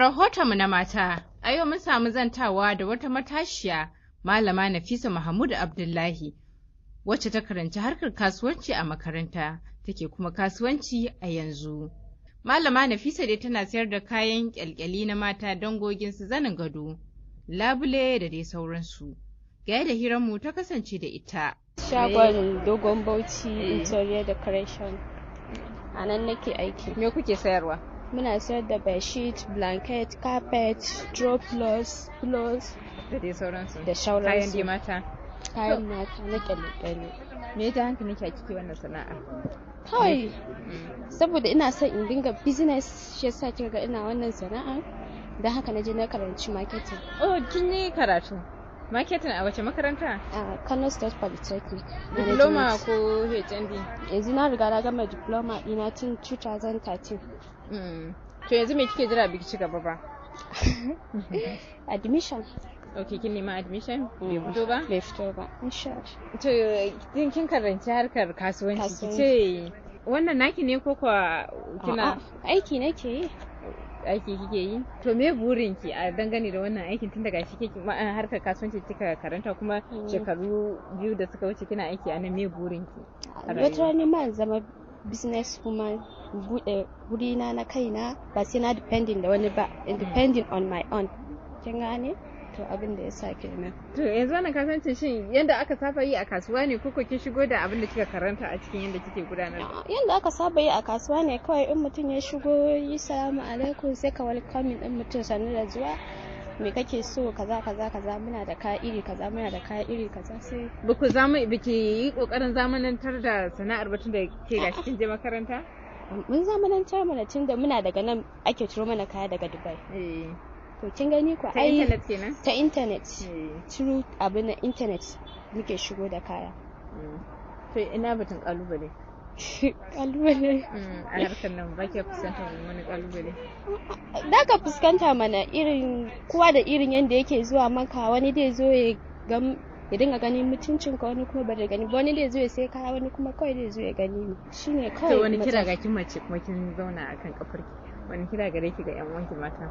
mu na mata, a yau mun samu zantawa da wata matashiya Malama Nafisa Muhammadu Abdullahi, wacce ta karanci harkar kasuwanci a makaranta, take kuma kasuwanci a yanzu. Malama Nafisa dai tana sayar da kayan kyalkyali na mata dangogin su zanin gado, labule da dai sauransu. Gaya da hiranmu ta kasance da ita. Shagon eh. dogon bauchi eh. interior decoration. A nan nake aiki. Me kuke sayarwa? muna sayar da bedsheet blanket carpet drop pillows da dai sauransu da sauransu kayan dai mata kayan mata na kyalle-kyalle me ya ta ke ki kike wannan sana'a kawai mm. saboda ina son in dinga business shi yasa kika ga ina wannan sana'a don haka na je na karanci marketing oh kin yi karatu Marketing a wace makaranta? A Kano State Polytechnic. Diploma ko HND? Yanzu na riga na gama diploma ɗina tun 2013. Mm. To yanzu me kike jira biki ci gaba ba? Admission. ok kin nema admission mm. fito ba bai fito ba insha to kin karanci harkar kasuwanci ce. wannan naki ne ko kwa kina aiki nake yi aiki kike yi to me burin ki a dangane da wannan aikin tun daga shi kike eh, harkar kasuwanci kika karanta kuma mm. shekaru biyu da suka wuce kina aiki a nan me burin ki wata ma zama business woman bude gurina na kaina ba sai na depending da wani ba depending on my own kin gane to abin da ya sa kenan to yanzu wannan kasance shin yadda aka saba yi a kasuwa ne ko kin shigo da abin da kika karanta a cikin yadda kike gudanar yadda aka saba yi a kasuwa ne kawai in mutum ya shigo yi salamu alaikum sai ka welcome din mutum sannu da zuwa me kake so kaza kaza kaza muna da kaya iri kaza muna da kaya iri kaza sai ba ku zama yi kokarin zamanantar da sana'ar batun da ke ga cikin je makaranta mun zamanantar mana tunda da muna daga nan ake ciro mana kaya daga dubai eh. to kin gani ko ta internet kenan ta internet through eh. abu na internet muke shigo da kaya mm. to ina batun kalubale kalubale mm, a harkar nan ba ke fuskanta wani kalubale da ka fuskanta mana irin kowa da irin yadda yake zuwa maka wani dai zo ya ya dinga ganin mutuncin ka wani kuma bada gani wani dai zo ya sai kaya wani kuma kawai dai zo ya gani ne shine kawai wani kira ga kin mace kuma kin zauna akan kafarki wani kira gare ki ga yan wanki mata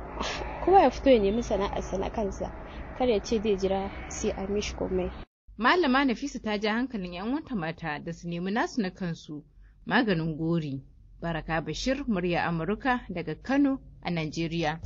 kowa ya fito ya nemi sana'arsa na kansa kar ya ce zai jira sai a mishi komai malama nafisa ta ja hankalin yan wanta mata da su nemi nasu na kansu maganin gori baraka bashir murya amurka daga kano a najeriya